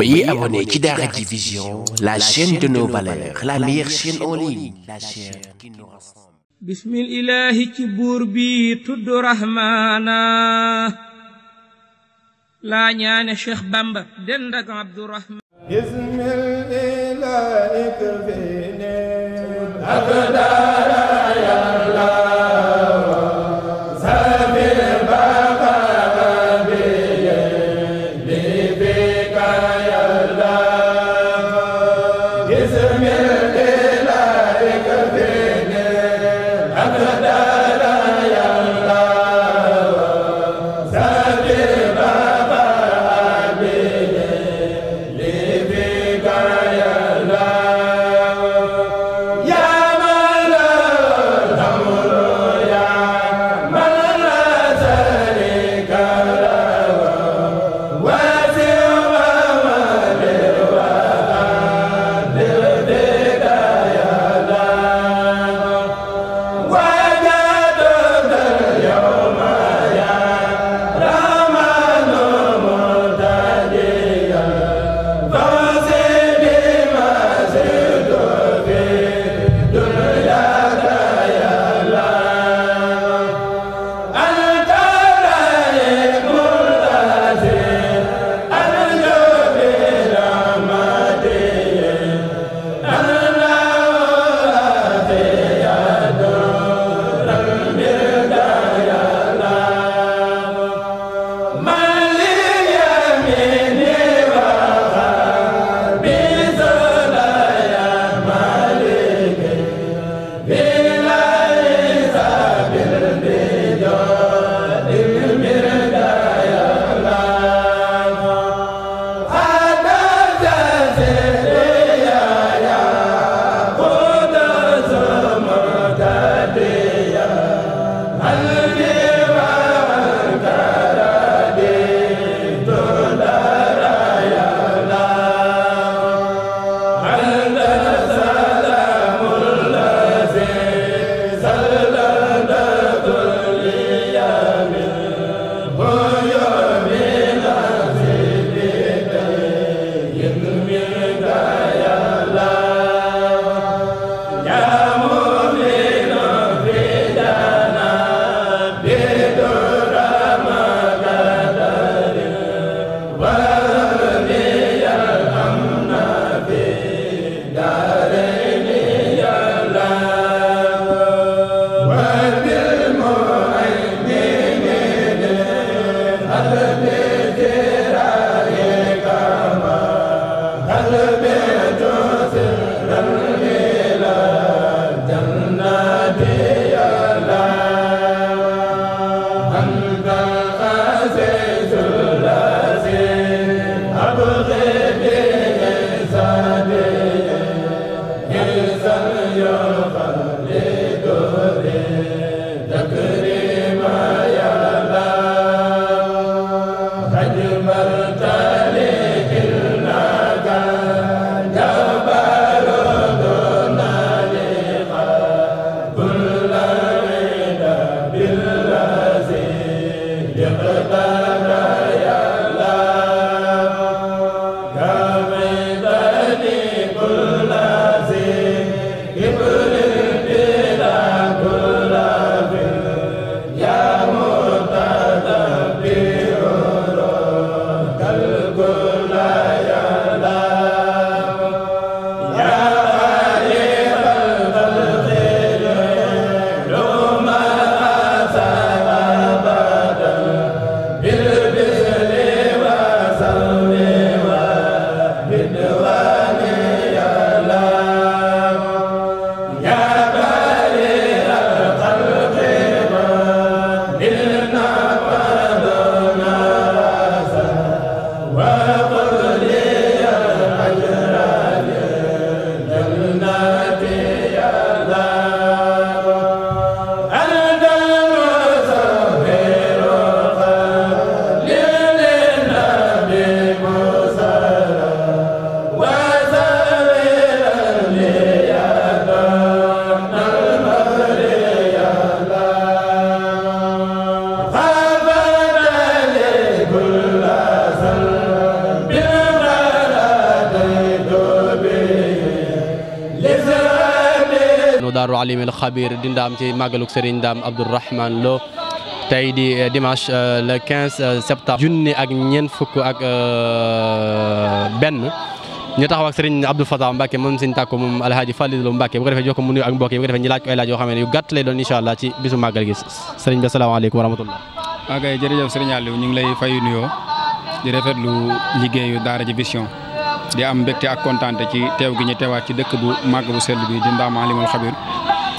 Veuillez abonner Kidara Division, la chaîne de nos valeurs, la meilleure chaîne en ligne, la chaîne qui nous rassemble. bismil ilaahi ci buur bi tudd Rahmaana laa ñaane Cheikh Bamba dend ak Abdourahman. bismil ilaahi Talebev. alimil xabir di ndaam ci màggaluk Serigne Dame Abdourahmane Lo tey di euh, dimanche euh, le 15 euh, septembre junni ak ñeent fukk ak benn ñu taxaw ak Serigne Abdou Fatah Mbacke moom Serigne Tako moom Alhaji Falilou Mbacke bu ko defee jox ko mu nuyu ak mbokk yi defee ñu laaj ko ay laaj yoo xam ne yu gàtt lay doon incha allah ci bisu màggal gi Serigne bi asalaamaaleykum wa rahmatullah ok jërëjëf Serigne Aliou ñu ngi lay fay nuyoo di rafetlu liggéeyu Daara Dji Vision di am mbégte ak ci teew gi ñu teewaat ci dëkk bu màgg bu sell bi di Ndaam Alimul Xabir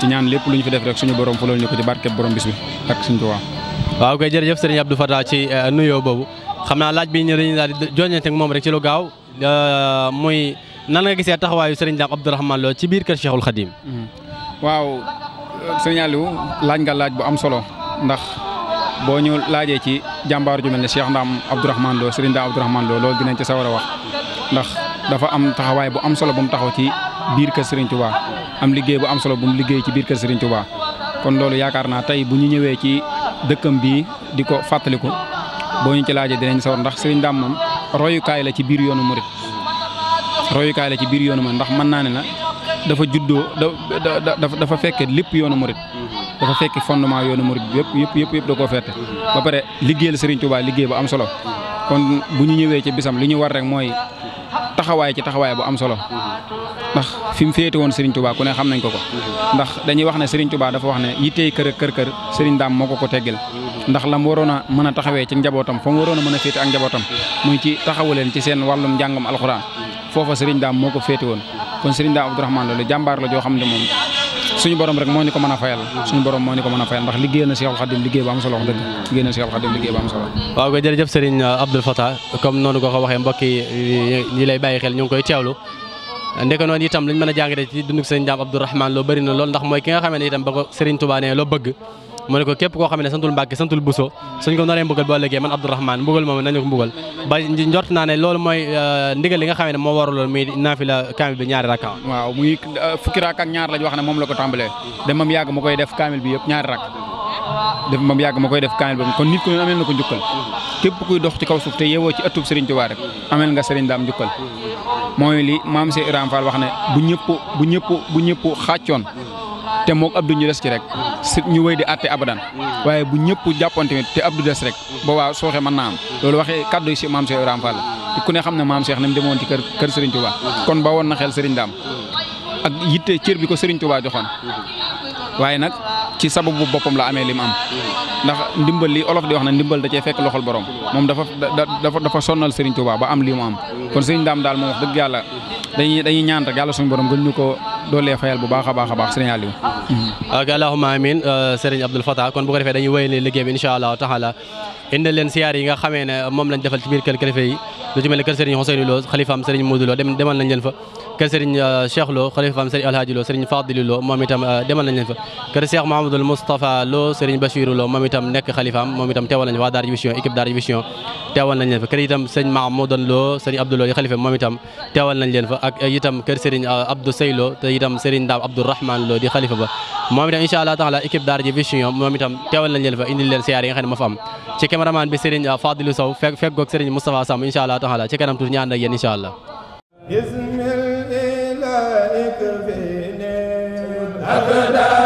ci ñaan lépp lu ñu fi def rek suñu borom fulal ñu ko ci barkeb borom bis bi ak suñu Tuubaa waaw koy jërëjëf sëriñ Abdou Fatah ci euh, nuyoo boobu xam naa laaj bi ñu dañuy daal di joñante ak moom rek ci lu gaaw euh, muy nan nga gisee taxawaayu sëriñ Daam Abdourahmane Lo ci biir kër Cheikhul Khadim mm-hmm. waaw euh, sëriñ laaj nga laaj bu am solo ndax boo ñu laajee ci jàmbaar ju mel ne Cheikh Ndaam Abdourahmane Lo sëriñ Daam Abdourahmane Lo loolu dinañ ci sawar a wax ndax dafa am taxawaay bu am solo bu mu taxaw ci biir kër Serigne Touba am liggéey bu am solo bu mu liggéey ci biir kër Serigne Touba kon loolu yaakaar naa tey bu ñu ñëwee ci dëkkam bii di ko fàttaliku boo ñu ci laajee dinañ sawar ndax sëriñ Dame moom royukaay la ci biir yoonu murit royukaay la ci biir yoonu murit ndax mën naa ne na dafa juddoo da dafa fekke lépp yoonu murit dafa fekki fondement yoonu murit yëpp yëpp yëpp yëpp da koo fette ba pare liggéeyal Serigne Touba bu am solo kon ñu ñëwee ci bisam li ñu war rek mooy taxawaay ci taxawaay bu am solo ndax fi mu féete woon Serigne Touba ku ne xam nañ ko ko ndax dañuy wax ne Serigne Touba dafa wax ne yittey kër kër kër Serigne Dame moo ko ko teggil ndax lam waroon a mën a taxawee ci njabootam fa mu a mën a féete ak njabootam muy ci taxawu leen ci seen wàllum njàngam alxuraan foofa Serigne Dame moo ko féete woon kon Serigne Dame Abdourahmane loolu jàmbaar la joo xam ne moom suñu borom rek moo ñu ko mën a fayal suñu borom moo ñu ko mën a fayal ndax liggéey na Seexul Xadim liggéey bu am solo waaw koy jërëjëf Serigne Abdoul Fatah comme noonu ko ko waxee mbokk yi ñi lay bàyyi xel ñu ngi koy teewlu ndeke noonu itam lañ mën a jàngate ci dundug Serigne Daam Abdourahmane loo bari na lool ndax mooy ki nga xamee ne itam ba ko Serigne Touba loo bëgg mu ko képp ko xam santul Mbàkke santul Buso suñ ko naree mbugal bo ëllëgee man Abdourahmane mbugal mom nañ ko mbugal ba njort na ne lol moy euh, ndigal li nga xam mo waru loolu mi nafila kamil bi ñaari rakka waaw muy euh, fukki rakk ak ñaar lañ wax ne mom la ko tàmbalee de moom yàgg ma koy def kamil bi yëpp ñaari rakk dem moom yag ma koy def kamil bi kon nit ko ne amel na ko njukkal képp kuy dox ci kaw suuf te yeewoo ci ëttub Serigne Touba rek amel nga Serigne dam njukkal moy li mam Cheikh iram Fall wax ne bu ñepp bu ñepp bu ñepp xàccoon te mok Abdou ñu des ci rek si ñu wéy di àtte abadan mm. waaye bu ñëpp jàppoon tamit te Abdou des rek boobaa sooxe mën naa am mm. loolu waxee kàddu si maam Cheikh Ibrahima Fall mm. te ku ne xam ne maam Cheikh ni mu demoon ci kër kër Serigne kon ba woon na xel Serigne Dame ak yitte cër bi ko Serigne Touba joxoon waaye nag ci sababu bopam la amé lim am ndax ndimbal li olof di wax na ndimbal da cee fekk loxol borom mom dafa dafa dafa sonnal Serigne Touba ba am li am kon Serigne dam dal moom wax deug yàlla dañuy dañuy ñaan rek yàlla suñu borom gën ñuko dolé fayal bu baaxa baaxa baax Serigne Aliou ak allahumma amin Serigne Abdoul Fatah kon bu ko defé dañuy wéyale liggéey bi inshallah taala indil len siyar yi nga xamé ne mom lañ defal ci bir kër kilifa yi lu ci melni ne kër Serigne Ousseynou Lo khalifa am Serigne Modou Lo dem demal nañ len fa kër Serigne Cheikh Lo xalifa fam Serigne Alhaji Lo Serigne Fadili Lo moom itam demal nañ leen fa kër Cheikh Mouhamadoul Moustapha Lo Serigne Bachirou Lo moom itam nekk xalifaam moom itam teewal nañ fa waa Daara Vision équipe Daara Vision teewal nañ leen fa kër itam Serigne Mahmoudan Lo Serigne Abdou Lo yi xalifa moom itam teewal nañ leen fa ak itam kër Serigne Abdou Sey Lo te itam Serigne Dame Abdourahmane Lo di xalifa ba moom itam incha allah taala équipe Daara Vision moom itam teewal nañ leen fa indil leen siyaar yi nga xam ne moo fa am ci cameraman bi Serigne Fadilou Sow fekk fekk goog Serigne Moustapha Samb incha allah taala ci kanam tuuti ñu ànd ak yéen incha allah Abandar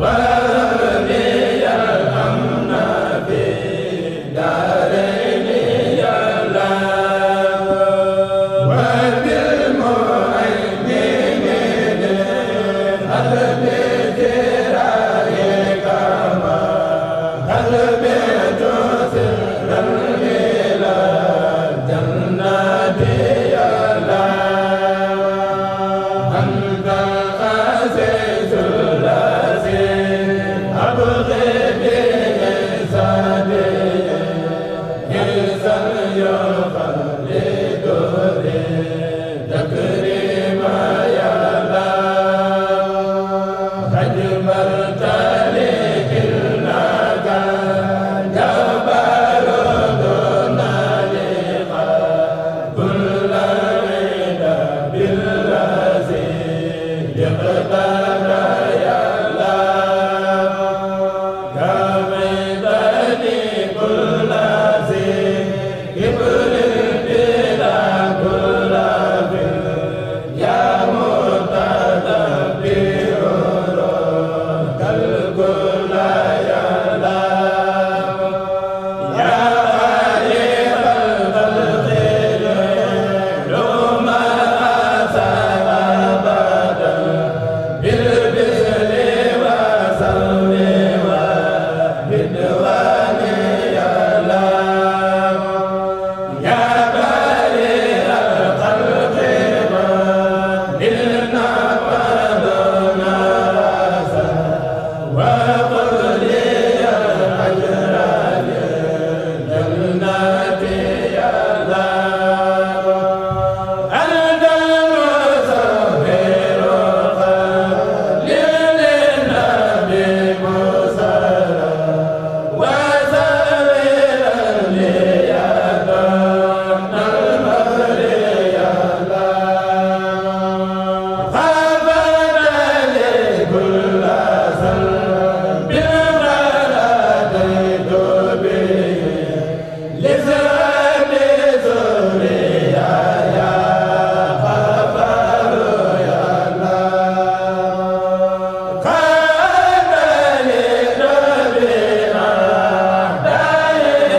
lá